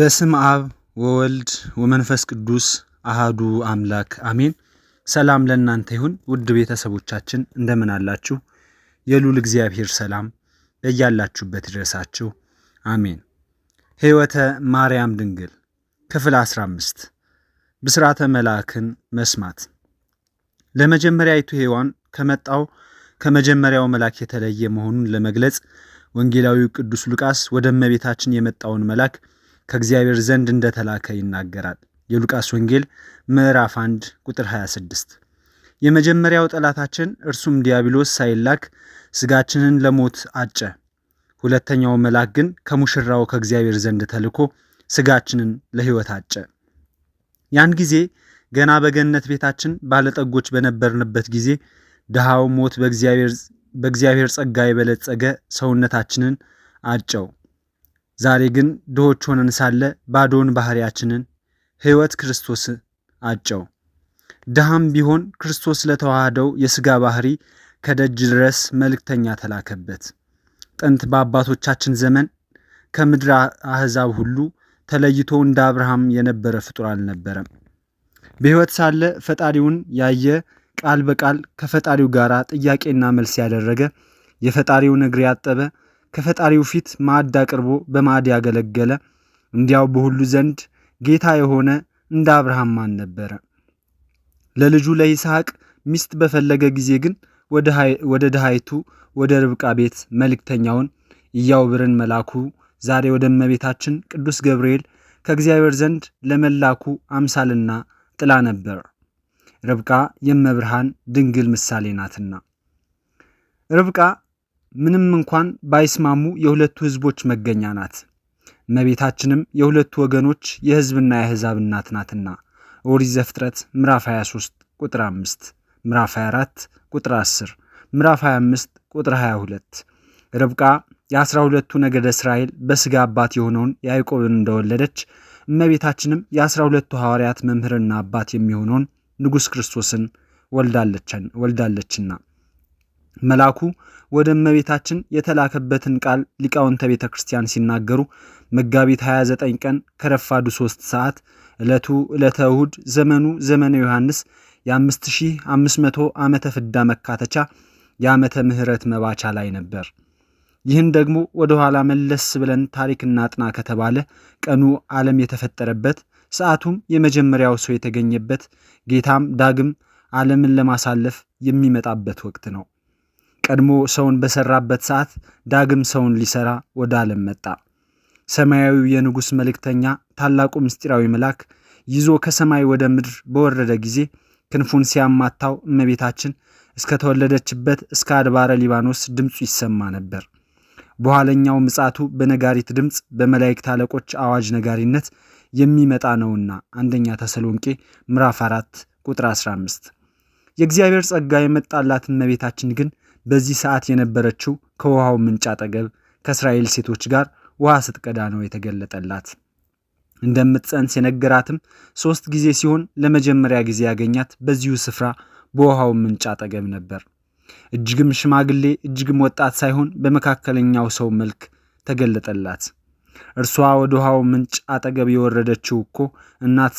በስም አብ ወወልድ ወመንፈስ ቅዱስ አሃዱ አምላክ አሜን። ሰላም ለእናንተ ይሁን ውድ ቤተሰቦቻችን እንደምን አላችሁ? የሉል እግዚአብሔር ሰላም በያላችሁበት ይድረሳችሁ አሜን። ሕይወተ ማርያም ድንግል ክፍል 15 ብስራተ መልአክን መስማት ለመጀመሪያይቱ ሔዋን ከመጣው ከመጀመሪያው መልአክ የተለየ መሆኑን ለመግለጽ ወንጌላዊው ቅዱስ ሉቃስ ወደ እመቤታችን የመጣውን መልአክ ከእግዚአብሔር ዘንድ እንደተላከ ይናገራል። የሉቃስ ወንጌል ምዕራፍ 1 ቁጥር 26። የመጀመሪያው ጠላታችን እርሱም ዲያብሎስ ሳይላክ ስጋችንን ለሞት አጨ። ሁለተኛው መልአክ ግን ከሙሽራው ከእግዚአብሔር ዘንድ ተልኮ ስጋችንን ለሕይወት አጨ። ያን ጊዜ ገና በገነት ቤታችን ባለጠጎች በነበርንበት ጊዜ ድሃው ሞት በእግዚአብሔር ጸጋ የበለጸገ ሰውነታችንን አጨው። ዛሬ ግን ድሆች ሆነን ሳለ ባዶውን ባህሪያችንን ሕይወት ክርስቶስ አጨው። ድሃም ቢሆን ክርስቶስ ለተዋህደው የሥጋ ባህሪ ከደጅ ድረስ መልእክተኛ ተላከበት። ጥንት በአባቶቻችን ዘመን ከምድር አሕዛብ ሁሉ ተለይቶ እንደ አብርሃም የነበረ ፍጡር አልነበረም። በሕይወት ሳለ ፈጣሪውን ያየ ቃል በቃል ከፈጣሪው ጋር ጥያቄና መልስ ያደረገ የፈጣሪውን እግር ያጠበ ከፈጣሪው ፊት ማዕድ አቅርቦ በማዕድ ያገለገለ እንዲያው በሁሉ ዘንድ ጌታ የሆነ እንደ አብርሃም ማን ነበረ? ለልጁ ለይስሐቅ ሚስት በፈለገ ጊዜ ግን ወደ ድሃይቱ ወደ ርብቃ ቤት መልእክተኛውን ኢያዕብርን መላኩ ዛሬ ወደ እመቤታችን ቅዱስ ገብርኤል ከእግዚአብሔር ዘንድ ለመላኩ አምሳልና ጥላ ነበር። ርብቃ የመብርሃን ድንግል ምሳሌ ናትና ርብቃ ምንም እንኳን ባይስማሙ የሁለቱ ህዝቦች መገኛ ናት። እመቤታችንም የሁለቱ ወገኖች የህዝብና የአሕዛብ እናት ናትና ኦሪት ዘፍጥረት ምዕራፍ 23 ቁጥር 5፣ ምዕራፍ 24 ቁጥር 10፣ ምዕራፍ 25 ቁጥር 22 ርብቃ የአስራ ሁለቱ ነገደ እስራኤል በስጋ አባት የሆነውን ያዕቆብን እንደወለደች እመቤታችንም የአስራ ሁለቱ ሐዋርያት መምህርና አባት የሚሆነውን ንጉሥ ክርስቶስን ወልዳለችና መልአኩ ወደ እመቤታችን የተላከበትን ቃል ሊቃውንተ ቤተ ክርስቲያን ሲናገሩ መጋቢት 29 ቀን ከረፋዱ 3 ሰዓት ዕለቱ ዕለተ እሁድ ዘመኑ ዘመነ ዮሐንስ የ5500 ዓመተ ፍዳ መካተቻ የዓመተ ምሕረት መባቻ ላይ ነበር። ይህን ደግሞ ወደ ኋላ መለስ ብለን ታሪክና ጥና ከተባለ ቀኑ ዓለም የተፈጠረበት ሰዓቱም የመጀመሪያው ሰው የተገኘበት ጌታም ዳግም ዓለምን ለማሳለፍ የሚመጣበት ወቅት ነው። ቀድሞ ሰውን በሰራበት ሰዓት ዳግም ሰውን ሊሰራ ወደ ዓለም መጣ። ሰማያዊው የንጉሥ መልእክተኛ ታላቁ ምስጢራዊ መልአክ ይዞ ከሰማይ ወደ ምድር በወረደ ጊዜ ክንፉን ሲያማታው እመቤታችን እስከተወለደችበት እስከ አድባረ ሊባኖስ ድምፁ ይሰማ ነበር። በኋለኛው ምጻቱ በነጋሪት ድምፅ በመላእክት አለቆች አዋጅ ነጋሪነት የሚመጣ ነውና አንደኛ ተሰሎንቄ ምዕራፍ 4 ቁጥር 15። የእግዚአብሔር ጸጋ የመጣላት እመቤታችን ግን በዚህ ሰዓት የነበረችው ከውሃው ምንጭ አጠገብ ከእስራኤል ሴቶች ጋር ውሃ ስትቀዳ ነው የተገለጠላት። እንደምትጸንስ የነገራትም ሦስት ጊዜ ሲሆን ለመጀመሪያ ጊዜ ያገኛት በዚሁ ስፍራ በውሃው ምንጭ አጠገብ ነበር። እጅግም ሽማግሌ እጅግም ወጣት ሳይሆን በመካከለኛው ሰው መልክ ተገለጠላት። እርሷ ወደ ውሃው ምንጭ አጠገብ የወረደችው እኮ እናት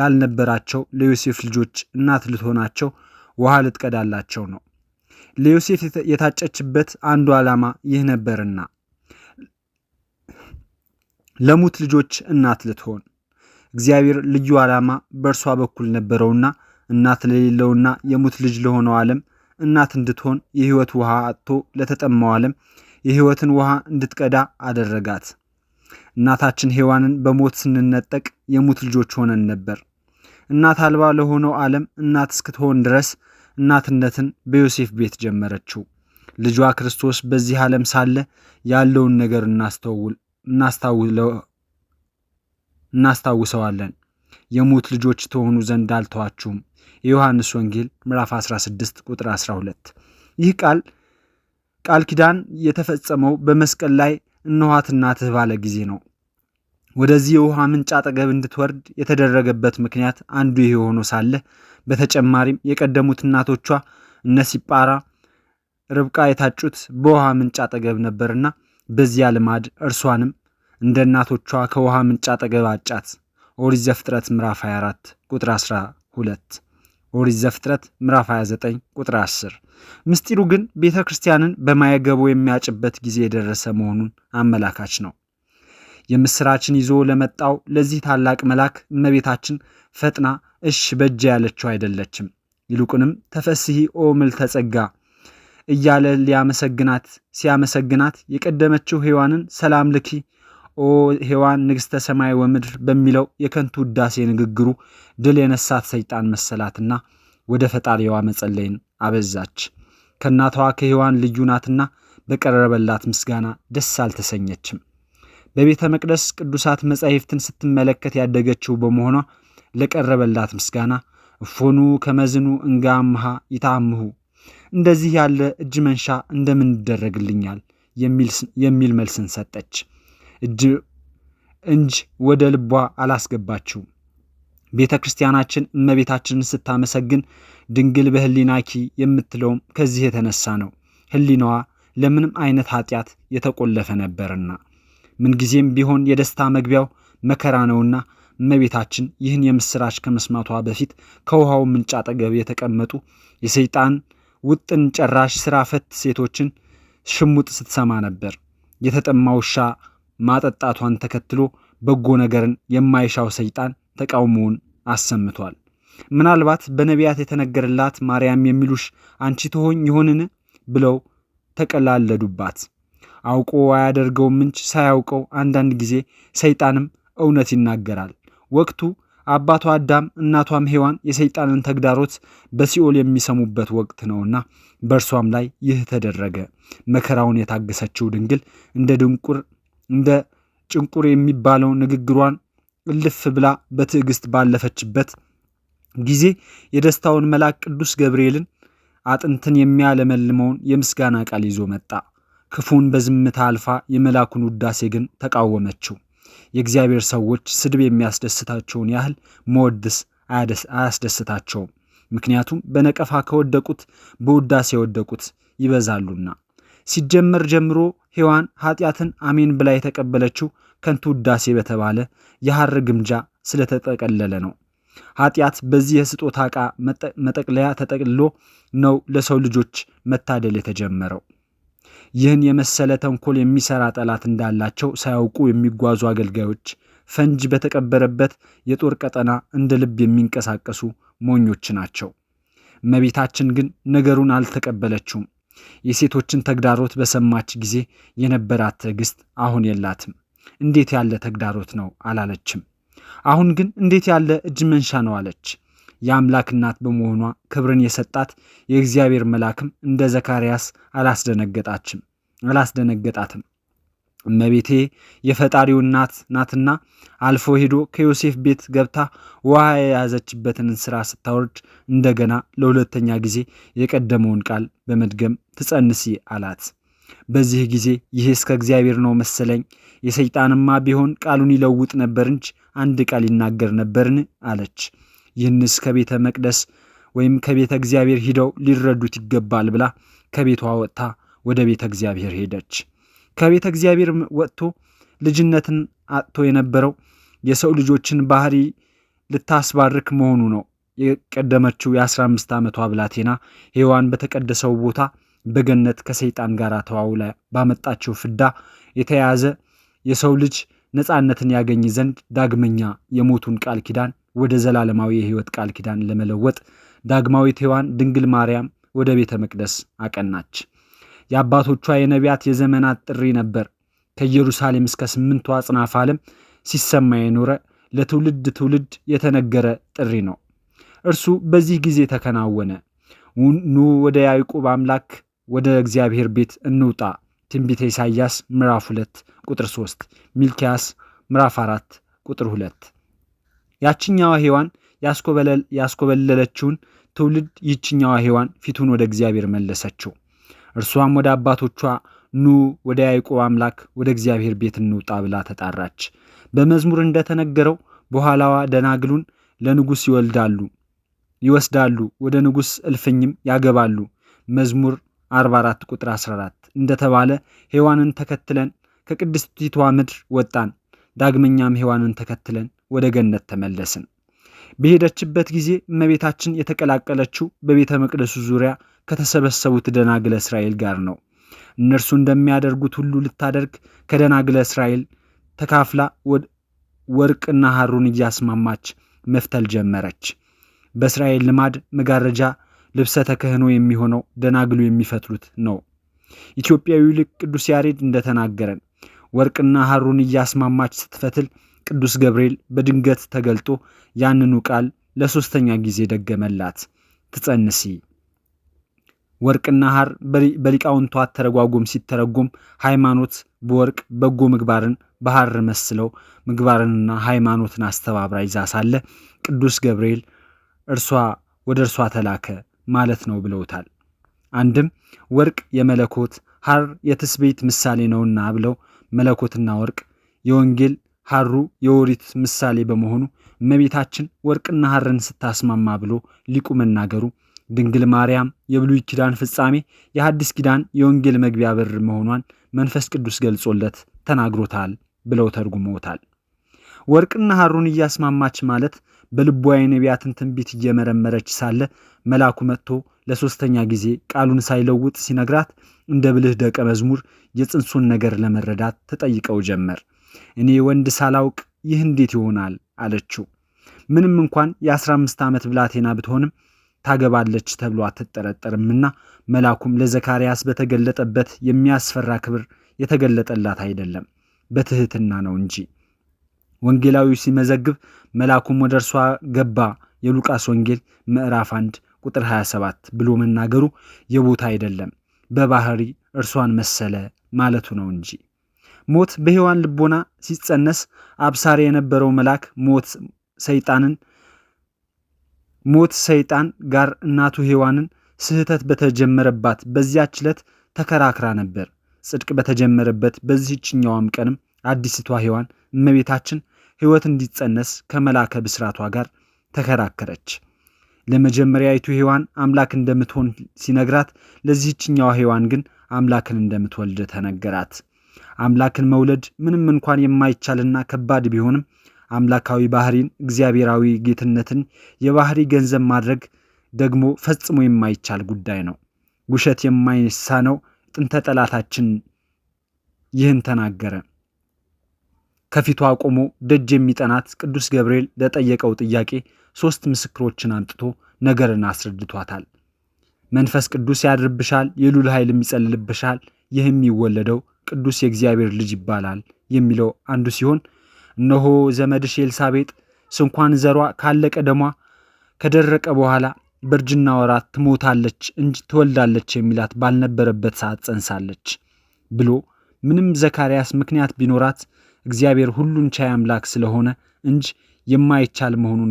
ላልነበራቸው ለዮሴፍ ልጆች እናት ልትሆናቸው ውሃ ልትቀዳላቸው ነው። ለዮሴፍ የታጨችበት አንዱ ዓላማ ይህ ነበርና ለሙት ልጆች እናት ልትሆን እግዚአብሔር ልዩ ዓላማ በእርሷ በኩል ነበረውና እናት ለሌለውና የሙት ልጅ ለሆነው ዓለም እናት እንድትሆን የሕይወት ውሃ አጥቶ ለተጠማው ዓለም የሕይወትን ውሃ እንድትቀዳ አደረጋት። እናታችን ሔዋንን በሞት ስንነጠቅ የሙት ልጆች ሆነን ነበር። እናት አልባ ለሆነው ዓለም እናት እስክትሆን ድረስ እናትነትን በዮሴፍ ቤት ጀመረችው። ልጇ ክርስቶስ በዚህ ዓለም ሳለ ያለውን ነገር እናስታውሰዋለን። የሙት ልጆች ተሆኑ ዘንድ አልተዋችሁም። የዮሐንስ ወንጌል ምዕራፍ 16 ቁጥር 12። ይህ ቃል ቃል ኪዳን የተፈጸመው በመስቀል ላይ እነኋት እናትህ ባለ ጊዜ ነው። ወደዚህ የውሃ ምንጭ አጠገብ እንድትወርድ የተደረገበት ምክንያት አንዱ ይህ ሆኖ ሳለ በተጨማሪም የቀደሙት እናቶቿ እነ ሲጳራ፣ ርብቃ የታጩት በውሃ ምንጭ አጠገብ ነበርና በዚያ ልማድ እርሷንም እንደ እናቶቿ ከውሃ ምንጭ አጠገብ አጫት። ኦሪት ዘፍጥረት ምዕራፍ 24 ቁጥር 12። ኦሪት ዘፍጥረት ምዕራፍ 29 ቁጥር 10። ምስጢሩ ግን ቤተ ክርስቲያንን በማየገቦ የሚያጭበት ጊዜ የደረሰ መሆኑን አመላካች ነው። የምስራችን ይዞ ለመጣው ለዚህ ታላቅ መልአክ እመቤታችን ፈጥና እሽ በጃ ያለችው አይደለችም። ይልቁንም ተፈስሂ ኦ ምልዕተ ጸጋ እያለ ሊያመሰግናት ሲያመሰግናት የቀደመችው ሔዋንን ሰላም ልኪ ኦ ሔዋን ንግሥተ ሰማይ ወምድር በሚለው የከንቱ ውዳሴ ንግግሩ ድል የነሳት ሰይጣን መሰላትና ወደ ፈጣሪዋ መጸለይን አበዛች። ከእናቷ ከሔዋን ልዩ ናትና በቀረበላት ምስጋና ደስ አልተሰኘችም። በቤተ መቅደስ ቅዱሳት መጻሕፍትን ስትመለከት ያደገችው በመሆኗ ለቀረበላት ምስጋና እፎኑ ከመዝኑ እንጋምሃ ይታምሁ እንደዚህ ያለ እጅ መንሻ እንደምን ይደረግልኛል የሚል መልስን ሰጠች እጅ እንጅ ወደ ልቧ አላስገባችውም። ቤተ ክርስቲያናችን እመቤታችንን ስታመሰግን ድንግል በህሊናኪ የምትለውም ከዚህ የተነሳ ነው። ህሊናዋ ለምንም አይነት ኃጢአት የተቆለፈ ነበርና ምንጊዜም ቢሆን የደስታ መግቢያው መከራ ነውና እመቤታችን ይህን የምስራች ከመስማቷ በፊት ከውሃው ምንጭ አጠገብ የተቀመጡ የሰይጣን ውጥን ጨራሽ ስራ ፈት ሴቶችን ሽሙጥ ስትሰማ ነበር። የተጠማ ውሻ ማጠጣቷን ተከትሎ በጎ ነገርን የማይሻው ሰይጣን ተቃውሞውን አሰምቷል። ምናልባት በነቢያት የተነገረላት ማርያም የሚሉሽ አንቺ ትሆኝ ይሆንን ብለው ተቀላለዱባት። አውቆ አያደርገውም እንጂ ሳያውቀው አንዳንድ ጊዜ ሰይጣንም እውነት ይናገራል። ወቅቱ አባቷ አዳም እናቷም ሔዋን የሰይጣንን ተግዳሮት በሲኦል የሚሰሙበት ወቅት ነውና በእርሷም ላይ ይህ ተደረገ። መከራውን የታገሰችው ድንግል እንደ ድንቁር እንደ ጭንቁር የሚባለው ንግግሯን እልፍ ብላ በትዕግስት ባለፈችበት ጊዜ የደስታውን መልአክ ቅዱስ ገብርኤልን አጥንትን የሚያለመልመውን የምስጋና ቃል ይዞ መጣ። ክፉን በዝምታ አልፋ የመላኩን ውዳሴ ግን ተቃወመችው። የእግዚአብሔር ሰዎች ስድብ የሚያስደስታቸውን ያህል መወድስ አያስደስታቸውም። ምክንያቱም በነቀፋ ከወደቁት በውዳሴ የወደቁት ይበዛሉና። ሲጀመር ጀምሮ ሔዋን ኃጢአትን አሜን ብላ የተቀበለችው ከንቱ ውዳሴ በተባለ የሐር ግምጃ ስለተጠቀለለ ነው። ኃጢአት በዚህ የስጦታ ዕቃ መጠቅለያ ተጠቅልሎ ነው ለሰው ልጆች መታደል የተጀመረው። ይህን የመሰለ ተንኮል የሚሰራ ጠላት እንዳላቸው ሳያውቁ የሚጓዙ አገልጋዮች፣ ፈንጅ በተቀበረበት የጦር ቀጠና እንደ ልብ የሚንቀሳቀሱ ሞኞች ናቸው። እመቤታችን ግን ነገሩን አልተቀበለችውም። የሴቶችን ተግዳሮት በሰማች ጊዜ የነበራት ትዕግስት አሁን የላትም። እንዴት ያለ ተግዳሮት ነው አላለችም። አሁን ግን እንዴት ያለ እጅ መንሻ ነው አለች። የአምላክ እናት በመሆኗ ክብርን የሰጣት የእግዚአብሔር መልአክም እንደ ዘካርያስ አላስደነገጣችም አላስደነገጣትም። እመቤቴ የፈጣሪው እናት ናትና አልፎ ሄዶ ከዮሴፍ ቤት ገብታ ውሃ የያዘችበትን እንስራ ስታወርድ እንደገና ለሁለተኛ ጊዜ የቀደመውን ቃል በመድገም ትጸንሲ አላት። በዚህ ጊዜ ይህ እስከ እግዚአብሔር ነው መሰለኝ፣ የሰይጣንማ ቢሆን ቃሉን ይለውጥ ነበር እንጂ አንድ ቃል ይናገር ነበርን አለች። ይህንስ ከቤተ መቅደስ ወይም ከቤተ እግዚአብሔር ሂደው ሊረዱት ይገባል ብላ ከቤቷ ወጥታ ወደ ቤተ እግዚአብሔር ሄደች። ከቤተ እግዚአብሔር ወጥቶ ልጅነትን አጥቶ የነበረው የሰው ልጆችን ባህሪ ልታስባርክ መሆኑ ነው። የቀደመችው የ15 ዓመቷ ብላቴና ሔዋን በተቀደሰው ቦታ በገነት ከሰይጣን ጋር ተዋውላ ባመጣችው ፍዳ የተያዘ የሰው ልጅ ነፃነትን ያገኝ ዘንድ ዳግመኛ የሞቱን ቃል ኪዳን ወደ ዘላለማዊ የሕይወት ቃል ኪዳን ለመለወጥ ዳግማዊት ሔዋን ድንግል ማርያም ወደ ቤተ መቅደስ አቀናች። የአባቶቿ የነቢያት የዘመናት ጥሪ ነበር። ከኢየሩሳሌም እስከ ስምንቱ አጽናፍ ዓለም ሲሰማ የኖረ ለትውልድ ትውልድ የተነገረ ጥሪ ነው። እርሱ በዚህ ጊዜ ተከናወነ። ኑ ወደ ያዕቆብ አምላክ ወደ እግዚአብሔር ቤት እንውጣ ትንቢተ ኢሳይያስ ምዕራፍ 2 ቁጥር 3፣ ሚልኪያስ ምዕራፍ 4 ቁጥር 2 ያችኛዋ ሔዋን ያስኮበለለችውን ትውልድ ይችኛዋ ሔዋን ፊቱን ወደ እግዚአብሔር መለሰችው። እርሷም ወደ አባቶቿ ኑ ወደ ያዕቆብ አምላክ ወደ እግዚአብሔር ቤት እንውጣ ብላ ተጣራች። በመዝሙር እንደተነገረው በኋላዋ ደናግሉን ለንጉሥ ይወልዳሉ ይወስዳሉ ወደ ንጉሥ እልፍኝም ያገባሉ። መዝሙር 44 ቁጥር 14 እንደተባለ ሔዋንን ተከትለን ከቅድስቲቷ ምድር ወጣን። ዳግመኛም ሔዋንን ተከትለን ወደ ገነት ተመለስን። በሄደችበት ጊዜ እመቤታችን የተቀላቀለችው በቤተ መቅደሱ ዙሪያ ከተሰበሰቡት ደናግለ እስራኤል ጋር ነው። እነርሱ እንደሚያደርጉት ሁሉ ልታደርግ ከደናግለ እስራኤል ተካፍላ ወርቅና ሐሩን እያስማማች መፍተል ጀመረች። በእስራኤል ልማድ መጋረጃ ልብሰ ተክህኖ የሚሆነው ደናግሉ የሚፈትሉት ነው። ኢትዮጵያዊ ልቅ ቅዱስ ያሬድ እንደተናገረን ወርቅና ሐሩን እያስማማች ስትፈትል ቅዱስ ገብርኤል በድንገት ተገልጦ ያንኑ ቃል ለሶስተኛ ጊዜ ደገመላት። ትጸንሲ ወርቅና ሐር በሊቃውንቷ አተረጓጎም ሲተረጎም ሃይማኖት በወርቅ በጎ ምግባርን በሐር መስለው ምግባርንና ሃይማኖትን አስተባብራ ይዛ ሳለ ቅዱስ ገብርኤል እርሷ ወደ እርሷ ተላከ ማለት ነው ብለውታል። አንድም ወርቅ የመለኮት ሐር የትስቤት ምሳሌ ነውና ብለው መለኮትና ወርቅ የወንጌል ሐሩ የኦሪት ምሳሌ በመሆኑ እመቤታችን ወርቅና ሐርን ስታስማማ ብሎ ሊቁ መናገሩ ድንግል ማርያም የብሉይ ኪዳን ፍጻሜ የሐዲስ ኪዳን የወንጌል መግቢያ በር መሆኗን መንፈስ ቅዱስ ገልጾለት ተናግሮታል ብለው ተርጉመውታል። ወርቅና ሐሩን እያስማማች ማለት በልቧ የነቢያትን ትንቢት እየመረመረች ሳለ መልአኩ መጥቶ ለሶስተኛ ጊዜ ቃሉን ሳይለውጥ ሲነግራት እንደ ብልህ ደቀ መዝሙር የጽንሱን ነገር ለመረዳት ተጠይቀው ጀመር። እኔ ወንድ ሳላውቅ ይህ እንዴት ይሆናል አለችው። ምንም እንኳን የ15 ዓመት ብላቴና ብትሆንም ታገባለች ተብሎ አትጠረጠርምና መልአኩም ለዘካርያስ በተገለጠበት የሚያስፈራ ክብር የተገለጠላት አይደለም፣ በትህትና ነው እንጂ። ወንጌላዊው ሲመዘግብ መልአኩም ወደ እርሷ ገባ የሉቃስ ወንጌል ምዕራፍ 1 ቁጥር 27 ብሎ መናገሩ የቦታ አይደለም፣ በባህሪ እርሷን መሰለ ማለቱ ነው እንጂ ሞት በሔዋን ልቦና ሲጸነስ አብሳሪ የነበረው መልአክ ሞት ሰይጣንን ሞት ሰይጣን ጋር እናቱ ሔዋንን ስህተት በተጀመረባት በዚያች ዕለት ተከራክራ ነበር። ጽድቅ በተጀመረበት በዚህችኛዋም ቀንም አዲስቷ ሔዋን እመቤታችን ሕይወት እንዲጸነስ ከመላከ ብስራቷ ጋር ተከራከረች። ለመጀመሪያይቱ ሔዋን አምላክ እንደምትሆን ሲነግራት፣ ለዚህችኛዋ ሔዋን ግን አምላክን እንደምትወልድ ተነገራት። አምላክን መውለድ ምንም እንኳን የማይቻልና ከባድ ቢሆንም አምላካዊ ባህሪን እግዚአብሔራዊ ጌትነትን የባህሪ ገንዘብ ማድረግ ደግሞ ፈጽሞ የማይቻል ጉዳይ ነው። ውሸት የማይሳነው ጥንተ ጠላታችን ይህን ተናገረ። ከፊቱ አቆሞ ደጅ የሚጠናት ቅዱስ ገብርኤል ለጠየቀው ጥያቄ ሦስት ምስክሮችን አምጥቶ ነገርን አስረድቷታል። መንፈስ ቅዱስ ያድርብሻል፣ የሉል ኃይልም ይጸልልብሻል። ይህም ይወለደው ቅዱስ የእግዚአብሔር ልጅ ይባላል የሚለው አንዱ ሲሆን እነሆ ዘመድሽ ኤልሳቤጥ ስንኳን ዘሯ ካለቀ ደሟ ከደረቀ በኋላ በእርጅና ወራት ትሞታለች እንጂ ትወልዳለች የሚላት ባልነበረበት ሰዓት ጸንሳለች ብሎ ምንም ዘካርያስ ምክንያት ቢኖራት እግዚአብሔር ሁሉን ቻይ አምላክ ስለሆነ እንጂ የማይቻል መሆኑን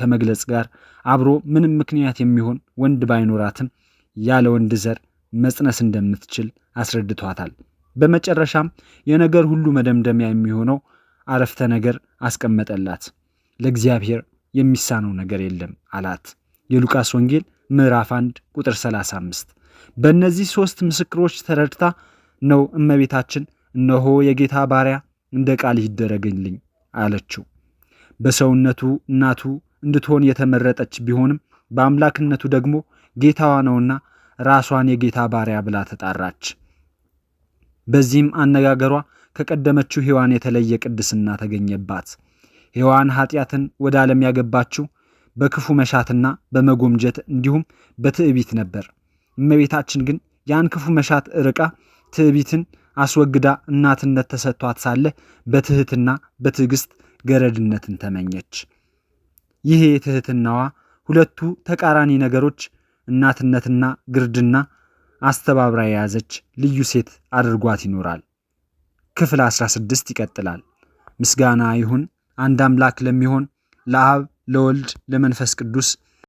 ከመግለጽ ጋር አብሮ ምንም ምክንያት የሚሆን ወንድ ባይኖራትም ያለ ወንድ ዘር መጽነስ እንደምትችል አስረድቷታል። በመጨረሻም የነገር ሁሉ መደምደሚያ የሚሆነው አረፍተ ነገር አስቀመጠላት። ለእግዚአብሔር የሚሳነው ነገር የለም አላት። የሉቃስ ወንጌል ምዕራፍ 1 ቁጥር 35። በእነዚህ ሦስት ምስክሮች ተረድታ ነው እመቤታችን እነሆ የጌታ ባሪያ እንደ ቃል ይደረግልኝ አለችው። በሰውነቱ እናቱ እንድትሆን የተመረጠች ቢሆንም በአምላክነቱ ደግሞ ጌታዋ ነውና ራሷን የጌታ ባሪያ ብላ ተጣራች። በዚህም አነጋገሯ ከቀደመችው ሔዋን የተለየ ቅድስና ተገኘባት። ሔዋን ኃጢአትን ወደ ዓለም ያገባችው በክፉ መሻትና በመጎምጀት እንዲሁም በትዕቢት ነበር። እመቤታችን ግን ያን ክፉ መሻት ርቃ ትዕቢትን አስወግዳ እናትነት ተሰጥቷት ሳለ በትህትና በትዕግሥት ገረድነትን ተመኘች። ይሄ የትሕትናዋ ሁለቱ ተቃራኒ ነገሮች እናትነትና ግርድና አስተባብራ የያዘች ልዩ ሴት አድርጓት ይኖራል። ክፍል 16 ይቀጥላል። ምስጋና ይሁን አንድ አምላክ ለሚሆን ለአብ ለወልድ ለመንፈስ ቅዱስ